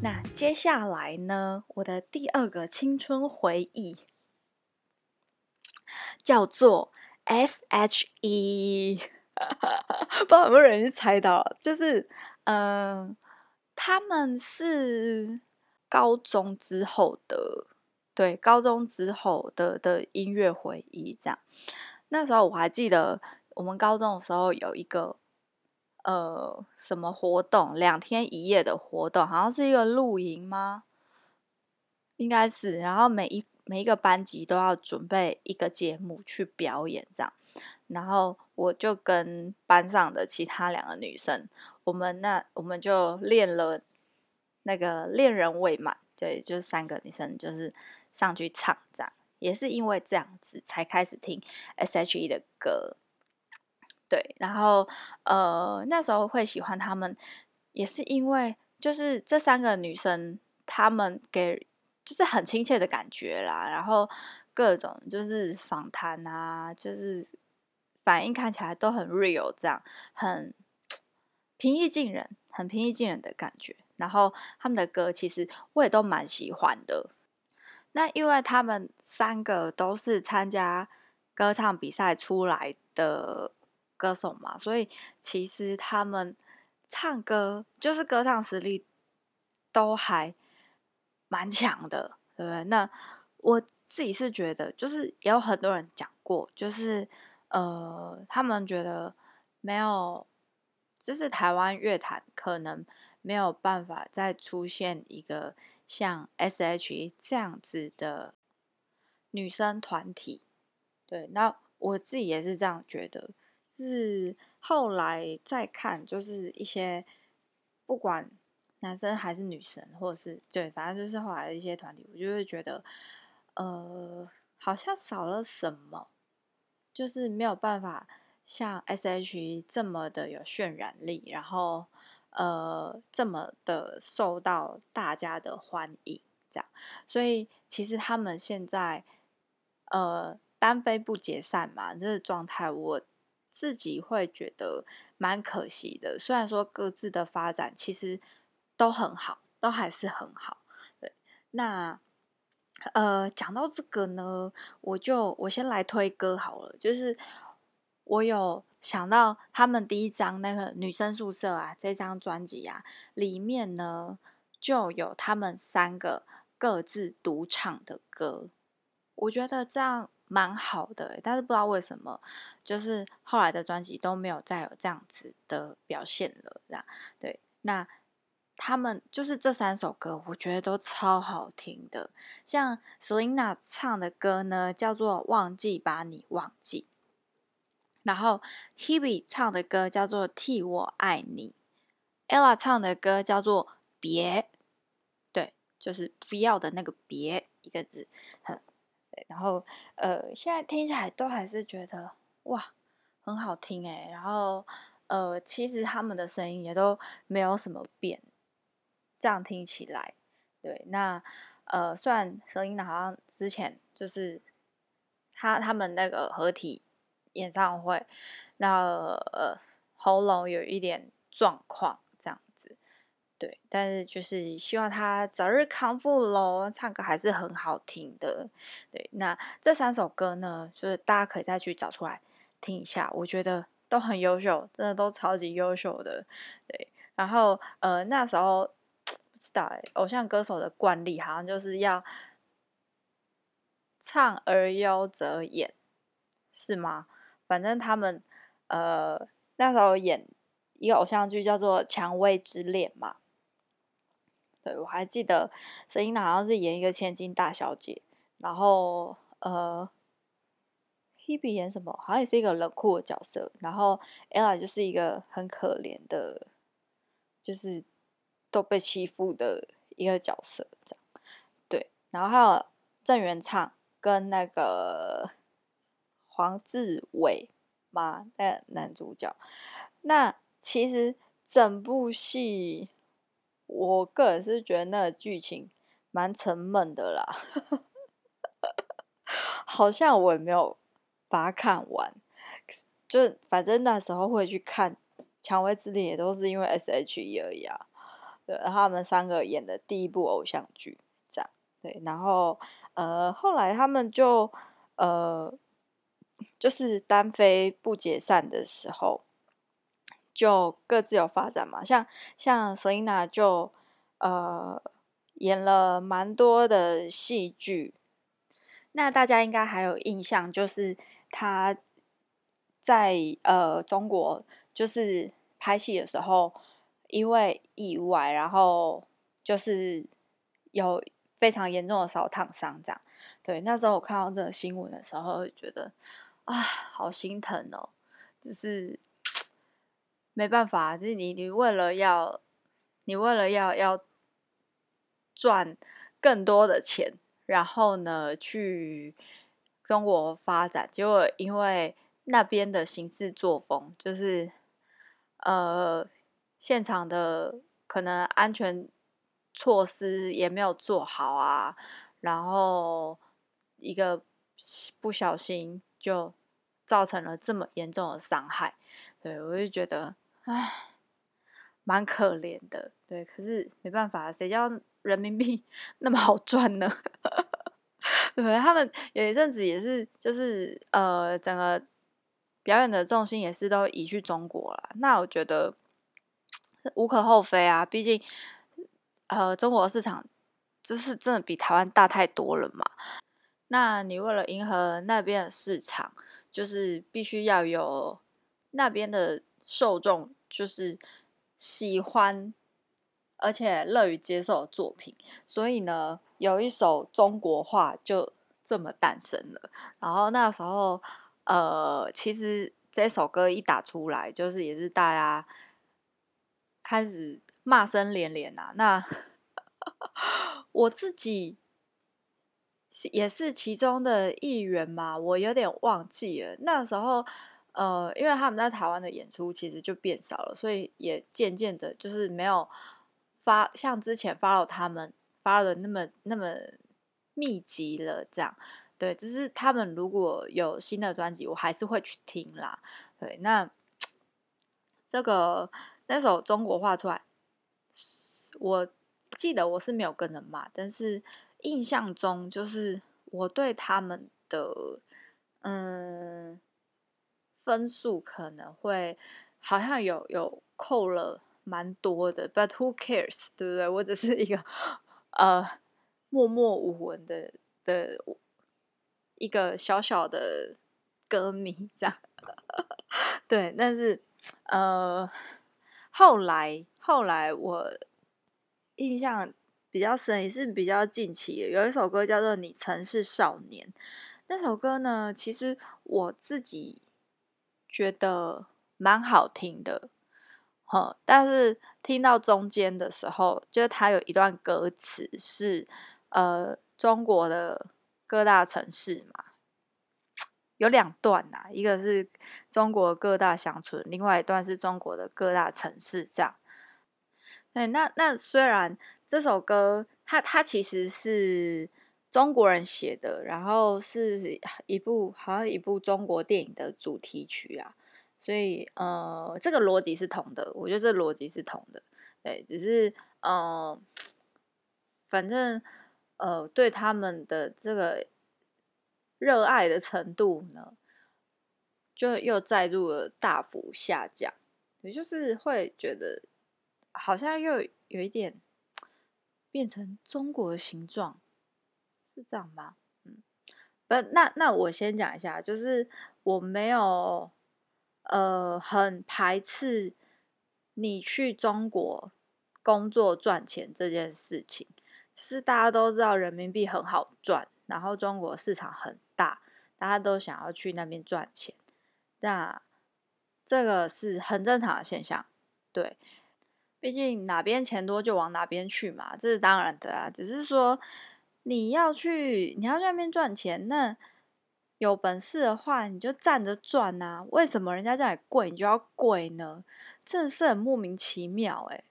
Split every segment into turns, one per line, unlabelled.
那接下來呢？我的第二個青春回憶叫做 SHE， 不知道有沒有人猜到，就是嗯，他們是高中之後的，對，高中之後的的音樂回憶這樣。那時候我還記得，我們高中的時候有一個，呃，什麼活動？兩天一夜的活動，好像是一個露營嗎？應該是。然後每一每一個班級都要準備一個節目去表演，這樣。然後我就跟班上的其他兩個女生，我們那我們就練了那個《戀人未滿》，對，就是三個女生就是上去唱這樣。也是因為這樣子，才開始聽 S.H.E 的歌。對，然後呃，那時候會喜歡他們，也是因為就是這三個女生，她們給就是很親切的感覺啦。然後各種就是訪談啊，就是反應看起來都很 real，這樣很平易近人，很平易近人的感覺。然後他們的歌其實我也都蠻喜歡的。那因為他們三個都是參加歌唱比賽出來的。歌手嘛，所以其實他們唱歌就是歌唱實力都還蠻強的，對不對？那我自己是覺得，就是也有很多人講過，就是呃，他們覺得沒有，就是台灣樂壇可能沒有辦法再出現一個像 S.H.E 這樣子的女生團體，對，那我自己也是這樣覺得。是後來再看，就是一些不管男生還是女生，或者是對，反正就是後來的一些團體，我就會覺得，呃，好像少了什麼，就是沒有辦法像 S.H.E 這麼的有渲染力，然後呃這麼的受到大家的歡迎，這樣。所以其實他們現在呃單飛不解散嘛，這個狀態我。自己會覺得蠻可惜的，雖然說各自的發展其實都很好，都還是很好。對，那呃，講到這個呢，我就我先來推歌好了，就是我有想到他們第一張那個女生宿舍啊，這張專輯啊，裡面呢就有他們三個各自獨唱的歌，我覺得這樣。蠻好的欸，但是不知道為什麼，就是後來的專輯都沒有再有這樣子的表現了這樣。對，那他們就是這三首歌，我覺得都超好聽的。像 Selina 唱的歌呢，叫做《忘記把你忘記》；然後 Hebe 唱的歌叫做《替我愛你》；Ella 唱的歌叫做《別》，對，就是不要的那個“別”一個字。然後，呃，現在聽起來都還是覺得哇，很好聽誒、欸，然後，呃，其實他們的聲音也都沒有什麼變，這樣聽起來，對。那，呃，雖然聲音好像之前就是他他們那個合體演唱會，那呃喉嚨有一點狀況。對，但是就是希望他早日康復嘍。唱歌還是很好聽的，對。那這三首歌呢，就是大家可以再去找出來聽一下，我覺得都很優秀，真的都超級優秀的。對，然後呃，那時候不知道、欸、偶像歌手的慣例，好像就是要唱而優則演，是嗎？反正他們呃那時候演一個偶像劇叫做《薔薇之戀》嘛。對，我還記得沈音娜好像是演一個千金大小姐，然後呃，Hebe 演什麼？好像也是一個冷酷的角色，然後 Ella 就是一個很可憐的，就是都被欺負的一個角色，這樣。對，然後還有鄭元暢跟那個黃志偉嘛，那、欸、男主角。那其實整部戲。我個人是覺得那個劇情蠻沉悶的啦， 好像我也沒有把它看完，就反正那時候會去看《薔薇之戀》，也都是因為 S.H.E 而已啊。對，然後他們三個演的第一部偶像劇，這樣。對，然後呃，後來他們就呃，就是單飛不解散的時候。就各自有發展嘛，像像 Selina 就呃演了蠻多的戲劇，那大家應該還有印象，就是她在呃中國就是拍戲的時候，因為意外，然後就是有非常嚴重的燒燙傷這樣。對，那時候我看到這個新聞的時候，覺得啊好心疼哦、喔，只是。沒辦法，就是你，你為了要，你為了要要賺更多的錢，然後呢去中國發展，結果因為那邊的行事作風，就是呃，現場的可能安全措施也沒有做好啊，然後一個不小心就造成了這麼嚴重的傷害，對我就覺得。哎，蠻可憐的，對，可是沒辦法，誰叫人民幣那麼好賺呢？ 對，他們有一陣子也是，就是呃，整個表演的重心也是都移去中國了。那我覺得無可厚非啊，畢竟呃，中國市場就是真的比台灣大太多了嘛。那你為了迎合那邊的市場，就是必須要有那邊的。受眾就是喜歡，而且樂於接受的作品，所以呢，有一首中國話就這麼誕生了。然後那時候，呃，其實這首歌一打出來，就是也是大家開始罵聲連連啊。那我自己也是其中的一員嘛，我有點忘記了那時候。呃，因為他們在台灣的演出其實就變少了，所以也漸漸的，就是沒有發，像之前發了他們發的那麼那麼密集了。這樣，對，只是他們如果有新的專輯，我還是會去聽啦。對，那這個那首中國話出來，我記得我是沒有跟人罵，但是印象中就是我對他們的嗯。分數可能會好像有有扣了蠻多的，But who cares，對不對？我只是一個呃默默無聞的的一個小小的歌迷，這樣。 對，但是呃，後來後來我印象比較深，也是比較近期的，有一首歌叫做《你曾是少年》。那首歌呢，其實我自己。覺得蠻好聽的，哈，但是聽到中間的時候，就是它有一段歌詞是，呃，中國的各大城市嘛，有兩段吶、啊，一個是中國的各大鄉村，另外一段是中國的各大城市，這樣。對，那那雖然這首歌，它它其實是。中國人寫的，然後是一部好像一部中國電影的主題曲啊，所以呃，這個邏輯是同的，我覺得這個邏輯是同的，對，只是呃，反正呃，對他們的這個熱愛的程度呢，就又再度大幅下降，也就是會覺得好像又有，有一點變成中國的形狀。是這樣嗎？嗯，不，那那我先講一下，就是我沒有，呃，很排斥你去中國工作賺錢這件事情。其實大家都知道人民幣很好賺，然後中國市場很大，大家都想要去那邊賺錢。那這個是很正常的現象，對，畢竟哪邊錢多就往哪邊去嘛，這是當然的啊。只是說。你要去，你要在那邊賺錢，那有本事的話，你就站着賺吶。為什麼人家叫你跪，你就要跪呢？真是很莫名其妙誒、欸。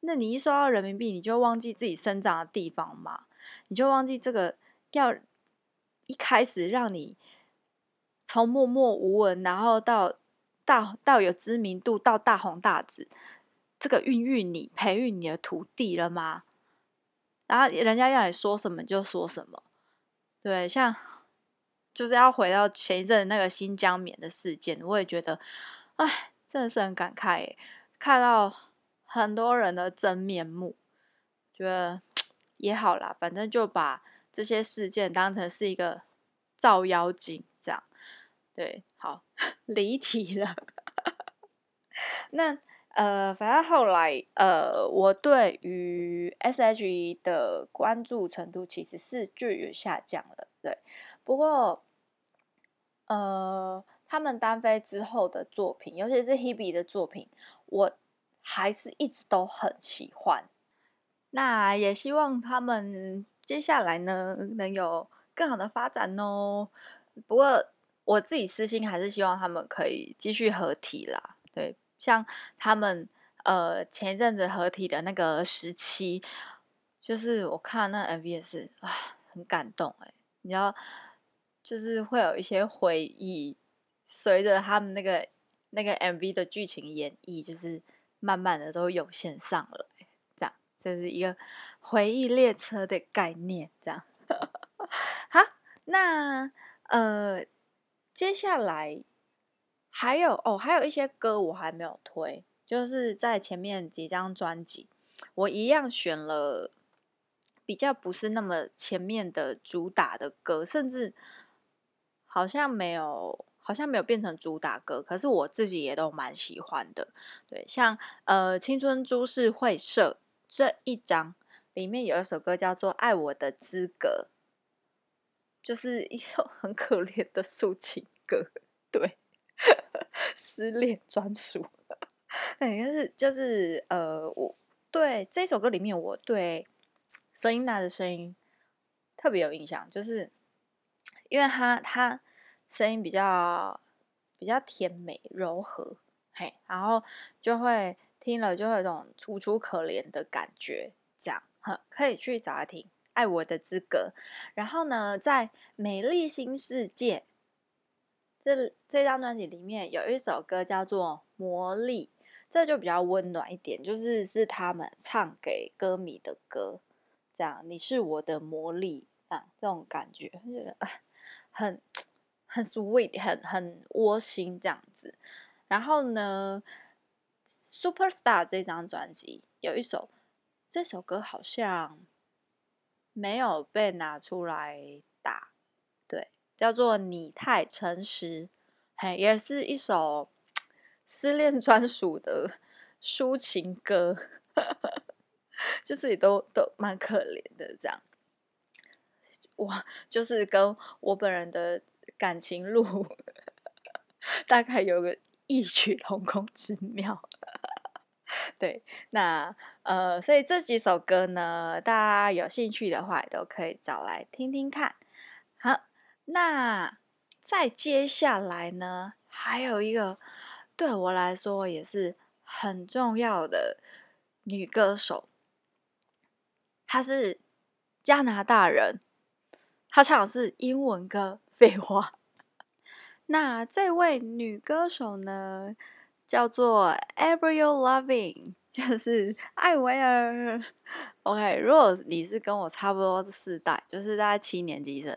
那你一收到人民幣，你就忘記自己生長的地方嗎？你就忘記這個要一開始讓你從默默無聞，然後到大到，到有知名度，到大紅大紫，這個孕育你、培育你的土地了嗎？然後人家要你說什麼就說什麼，對，像就是要回到前一陣那個新疆棉的事件，我也覺得，哎，真的是很感慨耶，看到很多人的真面目，覺得也好啦，反正就把這些事件當成是一個照妖鏡，這樣，對，好，離題了， 那。呃，反正後來，呃，我對於 SHE 的關注程度其實是略有下降了，對。不過，呃，他們單飛之後的作品，尤其是 Hebe 的作品，我還是一直都很喜歡。那也希望他們接下來呢，能有更好的發展哦。不過，我自己私心還是希望他們可以繼續合體啦，對。像他們呃前一陣子合體的那個時期，就是我看那 M V 也是哇，很感動誒，你知道就是會有一些回憶，隨着他們那個那個 M V 的劇情演繹，就是慢慢的都湧現上來，這樣這、就是一個回憶列車的概念，這樣。 好，那呃接下來，還有哦，還有一些歌我還沒有推，就是在前面幾張專輯，我一樣選了比較不是那麼前面的主打的歌，甚至好像沒有，好像沒有變成主打歌。可是我自己也都蠻喜歡的。對，像呃《青春株式會社》這一張裡面有一首歌叫做《愛我的資格》，就是一首很可憐的抒情歌。對。 失戀專屬，應是就是、就是、呃，我對這首歌裡面我對 Selina 的聲音特別有印象，就是因為他他聲音比較比較甜美柔和，嘿，然後就會聽了就會有種楚楚可憐的感覺，這樣哼，可以去找他聽《愛我的資格》，然後呢，在《美麗新世界》。這這張專輯裡面有一首歌叫做《魔力》，這就比較溫暖一點，就是是他們唱給歌迷的歌，這樣，你是我的魔力，這樣、啊、這種感覺，覺得很很 sweet，很很窩心這樣子。然後呢，《Superstar》這張專輯有一首，這首歌好像沒有被拿出來打。叫做《你太誠實》，嘿，也是一首失戀專屬的抒情歌， 就是也都都蠻可憐的這樣。哇，就是跟我本人的感情路 大概有個異曲同工之妙。 對，那呃，所以這幾首歌呢，大家有興趣的話，也都可以找來聽聽看。那再接下來呢，還有一個對我來說也是很重要的女歌手，她是加拿大人，她唱的是英文歌，廢話。那這位女歌手呢，叫做 a、e、b r y Lovin，g 就是 I w wear OK，如果你是跟我差不多的世代，就是大概七年級生。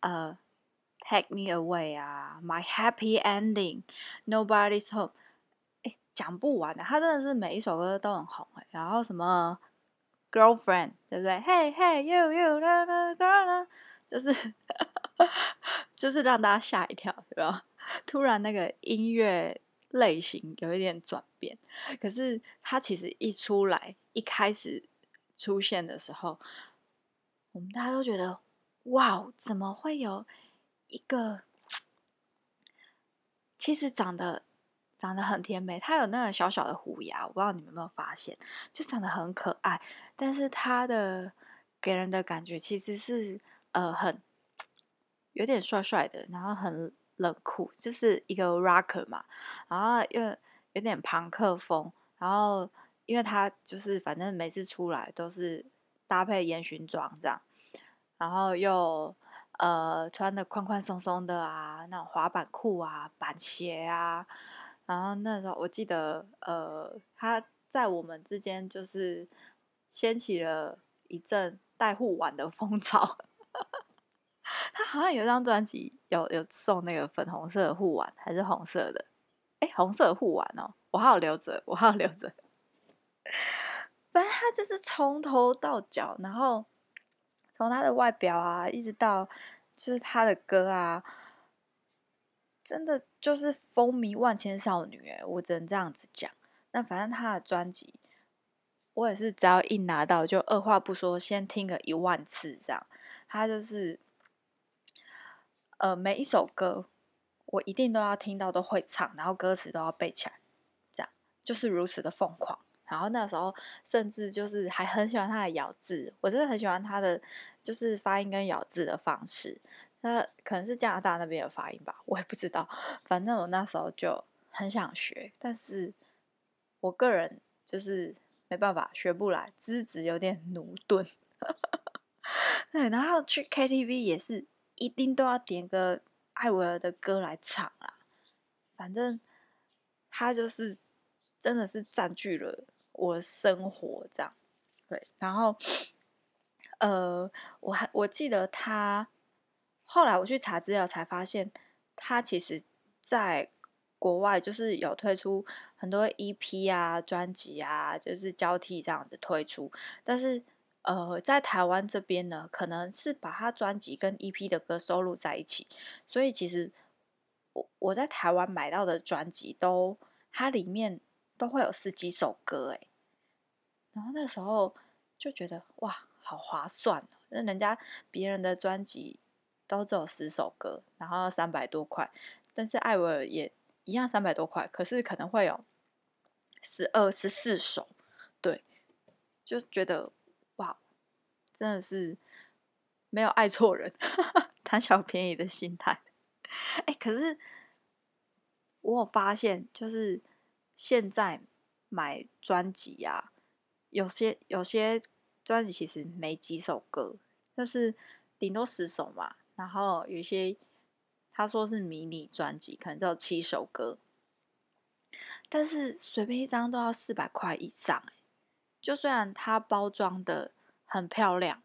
呃，Take Me Away 啊，My Happy Ending，Nobody's Home，哎，講不完的，他真的是每一首歌都很紅哎。然後什麼 Girlfriend，對不對？Hey Hey You You，就是就是讓大家嚇一跳，對吧？突然那個音樂類型有一點轉變，可是他其實一出來，一開始出現的時候，我們大家都覺得。哇哦，wow, 怎麼會有一個？其實長得長得很甜美，他有那個小小的虎牙，我不知道你們有沒有發現，就長得很可愛。但是他的給人的感覺其實是呃很有點帥帥的，然後很冷酷，就是一個 rocker 嘛，然後又有點朋克風。然後因為他就是反正每次出來都是搭配煙熏妝這樣。然後又，呃，穿的寬寬鬆鬆的啊，那種滑板褲啊，板鞋啊。然後那時候我記得，呃，他在我們之間就是掀起了一陣帶護腕的風潮。 他好像有一張專輯有，有有送那個粉紅色護腕，還是紅色的？誒，紅色護腕哦，我還有留着，我還有留着。反 正他就是從頭到腳，然後。從他的外表啊，一直到就是他的歌啊，真的就是風靡萬千少女誒，我只能這樣子講。那反正他的專輯，我也是只要一拿到就二話不說，先聽個一萬次這樣。他就是呃每一首歌，我一定都要聽到都會唱，然後歌詞都要背起來，這樣就是如此的瘋狂。然後那時候，甚至就是還很喜歡他的咬字，我真的很喜歡他的，就是發音跟咬字的方式。那可能是加拿大那邊有發音吧，我也不知道。反正我那時候就很想學，但是我個人就是沒辦法學不來，資質有點駑鈍。 對，然後去 KTV 也是一定都要點個艾薇兒的歌來唱啊。反正他就是真的是占據了。我生活這樣，對，然後，呃，我還我記得他後來我去查資料才發現，他其實在國外就是有推出很多 EP 啊、專輯啊，就是交替這樣子推出。但是，呃，在台灣這邊呢，可能是把他專輯跟 EP 的歌收錄在一起，所以其實我我在台灣買到的專輯都它裡面。都會有十幾首歌哎，然後那時候就覺得哇，好划算哦！那人家別人的專輯都只有十首歌，然後三百多塊，但是艾薇兒也一樣三百多塊，可是可能會有十二、十四首，對，就覺得哇，真的是沒有愛錯人，貪 小便宜的心態。哎，可是我有發現就是。現在買專輯呀，有些有些專輯其實沒幾首歌，就是頂多十首嘛。然後有些他說是迷你專輯，可能只有七首歌，但是隨便一張都要四百塊以上，欸，就雖然它包裝的很漂亮，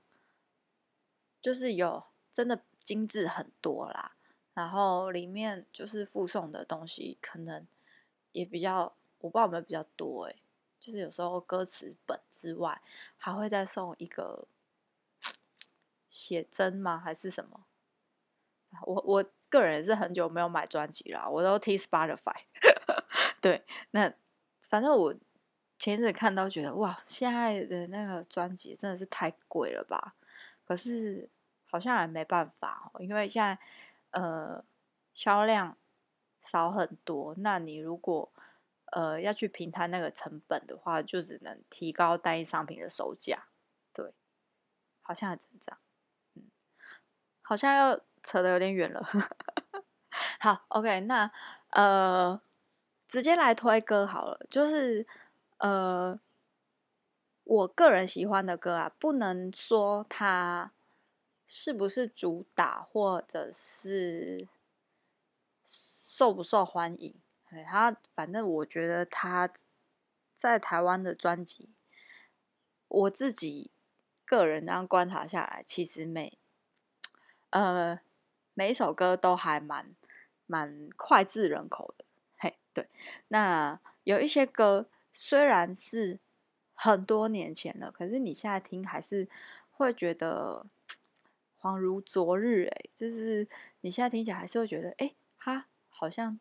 就是有真的精緻很多啦，然後裡面就是附送的東西可能也比較。我不知道有沒有比較多、欸、就是有時候歌詞本之外，還會再送一個寫真嗎？還是什麼？我我個人也是很久沒有買專輯了，我都聽 Spotify。對，那反正我前一陣看到覺得哇，現在的那個專輯真的是太貴了吧？可是好像也沒辦法，因為現在呃銷量少很多。那你如果呃，要去平攤那個成本的話，就只能提高單一商品的售價，對，好像還是這樣，嗯，好像又扯得有點遠了。 好，OK，那呃，直接來推歌好了，就是呃，我個人喜歡的歌啊，不能說它是不是主打或者是受不受歡迎。對，他反正我覺得他在台灣的專輯，我自己個人這樣觀察下來，其實每呃每一首歌都還蠻蠻膾炙人口的。嘿，對，那有一些歌雖然是很多年前了，可是你現在聽還是會覺得恍如昨日誒。哎，就是你現在聽起來還是會覺得，誒他好像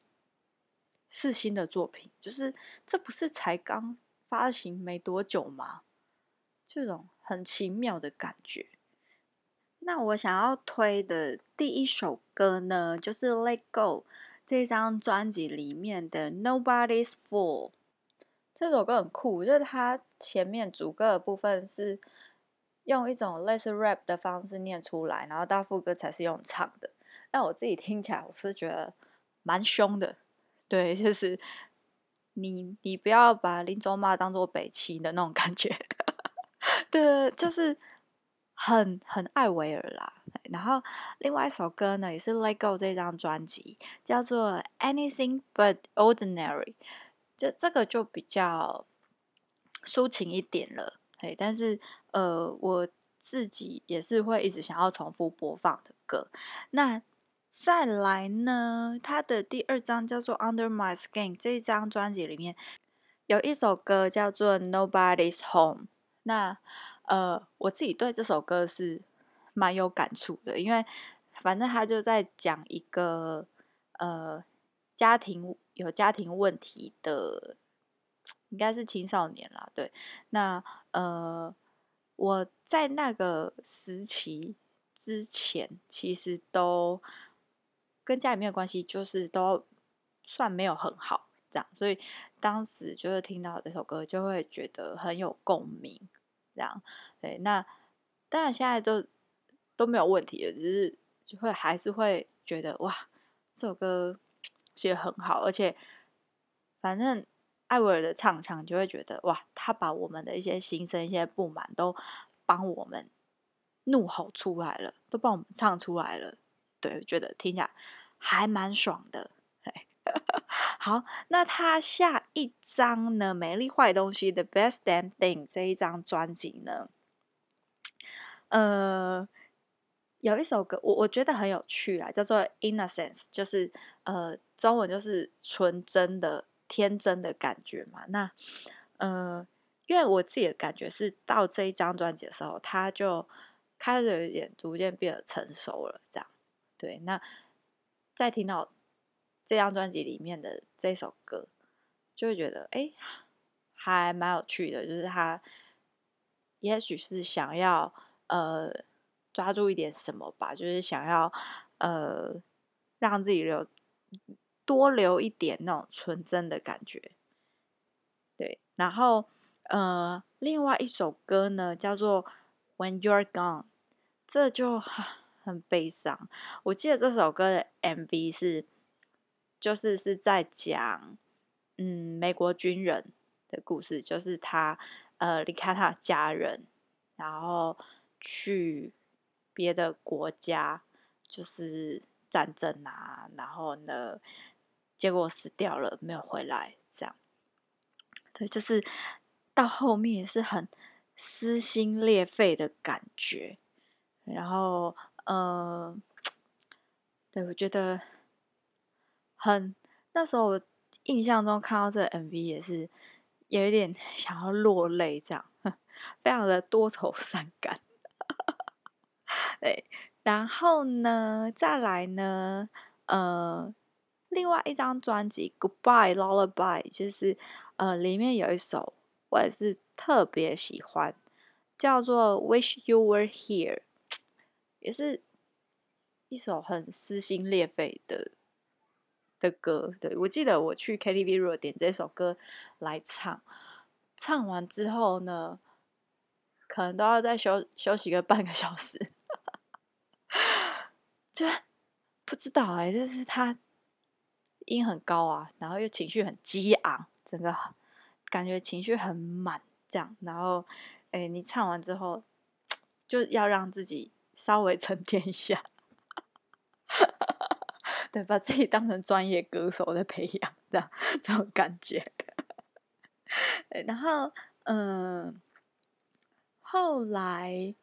是新的作品，就是這不是才剛發行沒多久嗎？這種很奇妙的感覺。那我想要推的第一首歌呢，就是《Let Go》這張專輯裡面的《Nobody's Fool》這首歌很酷，就是它前面主歌的部分是用一種類似 rap 的方式念出來，然後到副歌才是用唱的。但我自己聽起來，我是覺得蠻兇的。對，就是你，你不要把林中媽當做北青的那種感覺。 對，就是很很艾維爾啦。然後另外一首歌呢，也是《Let Go》這張專輯，叫做《Anything But Ordinary》。這這個就比較抒情一點了，哎，但是呃，我自己也是會一直想要重複播放的歌。那再來呢，他的第二張叫做《Under My Skin》，這一張專輯裡面有一首歌叫做 Nobody's Home，那《Nobody's Home》。那呃，我自己對這首歌是蠻有感觸的，因為反正他就在講一個呃家庭有家庭問題的，應該是青少年啦。對，那呃，我在那個時期之前其實都。跟家裡面的關係就是都算沒有很好，這樣，所以當時就是聽到這首歌，就會覺得很有共鳴，這樣。對，那當然現在都都沒有問題了，只是就會還是會覺得哇，這首歌其實很好，而且反正艾薇兒的唱腔就會覺得哇，他把我們的一些心聲、一些不滿都幫我們怒吼出來了，都幫我們唱出來了。對，我覺得聽起來還蠻爽的。 好，那他下一張呢，《美麗壞東西》（The Best Damn Thing） 這一張專輯呢，呃，有一首歌我我覺得很有趣啦，叫做《Innocence》，就是呃，中文就是純真的、天真的感覺嘛。那呃，因為我自己的感覺是，到這一張專輯的時候，他就開始有點逐漸變得成熟了，這樣。對，那再聽到這張專輯裡面的這首歌，就會覺得誒，還蠻有趣的，就是他也許是想要呃抓住一點什麼吧，就是想要呃讓自己留多留一點那種純真的感覺。對，然後呃，另外一首歌呢叫做《When You're Gone》，這就。很悲傷。我記得這首歌的 MV 是，就是是在講，嗯，美國軍人的故事，就是他呃離開他的家人，然後去別的國家，就是戰爭啊，然後呢，結果死掉了，沒有回來，這樣。對，就是到後面也是很撕心裂肺的感覺，然後。呃，對，我覺得很。那時候我印象中看到這 MV 也是有一點想要落淚，這樣呵非常的多愁善感。 對，然後呢，再來呢，呃，另外一張專輯《Goodbye Lullaby》，就是呃裡面有一首我也是特別喜歡，叫做《Wish You Were Here》。也是一首很撕心裂肺的的歌。對我記得我去 KTV 弱點這首歌來唱，唱完之後呢，可能都要再休休息個半個小時。 就不知道哎、欸，就是他音很高啊，然後又情緒很激昂，真的感覺情緒很滿這樣。然後誒、欸，你唱完之後就要讓自己。稍微沉澱一下 對吧，對，把自己當成專業歌手的培養這樣這樣的這種感覺。 然後，嗯，後來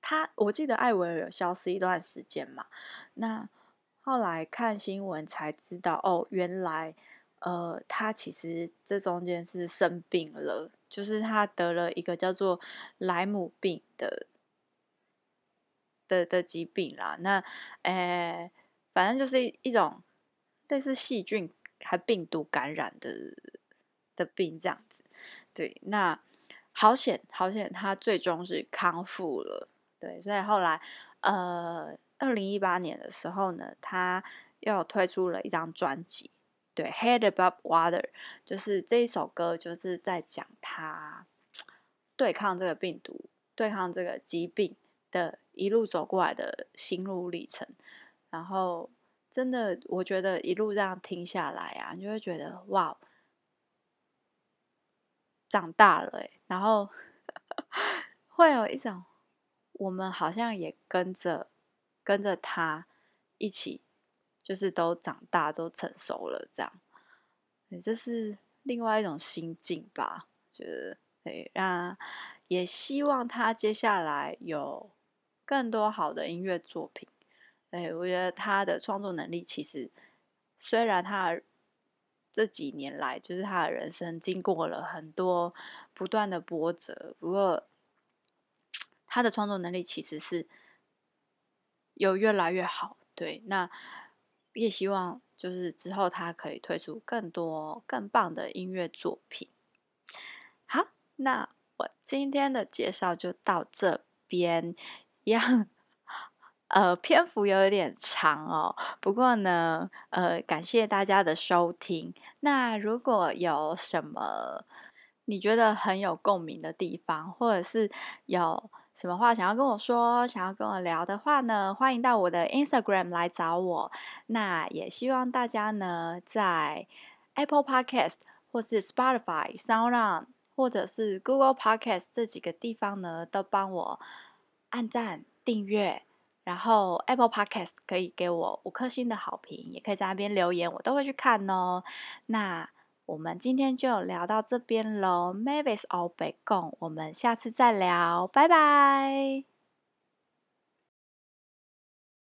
他我記得艾薇兒有消失一段時間嘛？那後來看新聞才知道，哦，原來呃，他其實這中間是生病了，就是他得了一個叫做萊姆病的。的的疾病啦，那，誒，反正就是一,一種類似細菌還病毒感染的的病這樣子。對，那好險好險，好險他最終是康復了。對，所以後來，呃，二零一八年的時候呢，他又推出了一張專輯，對，Head Above Water，就是這一首歌就是在講他對抗這個病毒，對抗這個疾病的，一路走過來的心路歷程，然後真的，我覺得一路這樣聽下來啊，你就會覺得哇，長大了，欸、然後呵呵會有一種我們好像也跟着跟着他一起，就是都長大，都成熟了這樣。欸、這是另外一種心境吧？覺得讓也希望他接下來有。更多好的音樂作品，對，我覺得他的創作能力其實，雖然他這幾年來，就是他的人生經過了很多不斷的波折，不過他的創作能力其實是有越來越好。對，那也希望就是之後他可以推出更多更棒的音樂作品。好，那我今天的介紹就到這邊。一樣，呃、嗯，篇幅有點長哦。不過呢，呃，感謝大家的收聽。那如果有什麼你覺得很有共鳴的地方，或者是有什麼話想要跟我說、想要跟我聊的話呢，歡迎到我的 Instagram 來找我。那也希望大家呢，在 Apple Podcast 或是 Spotify、Sound On 或者是 Google Podcast 這幾個地方呢，都幫我。按讚、訂閱，然後 Apple Podcast 可以給我五顆星的好評，也可以在那邊留言，我都會去看哦。那我們今天就聊到這邊嘍，Maybe it's all 白講，我們下次再聊，拜拜。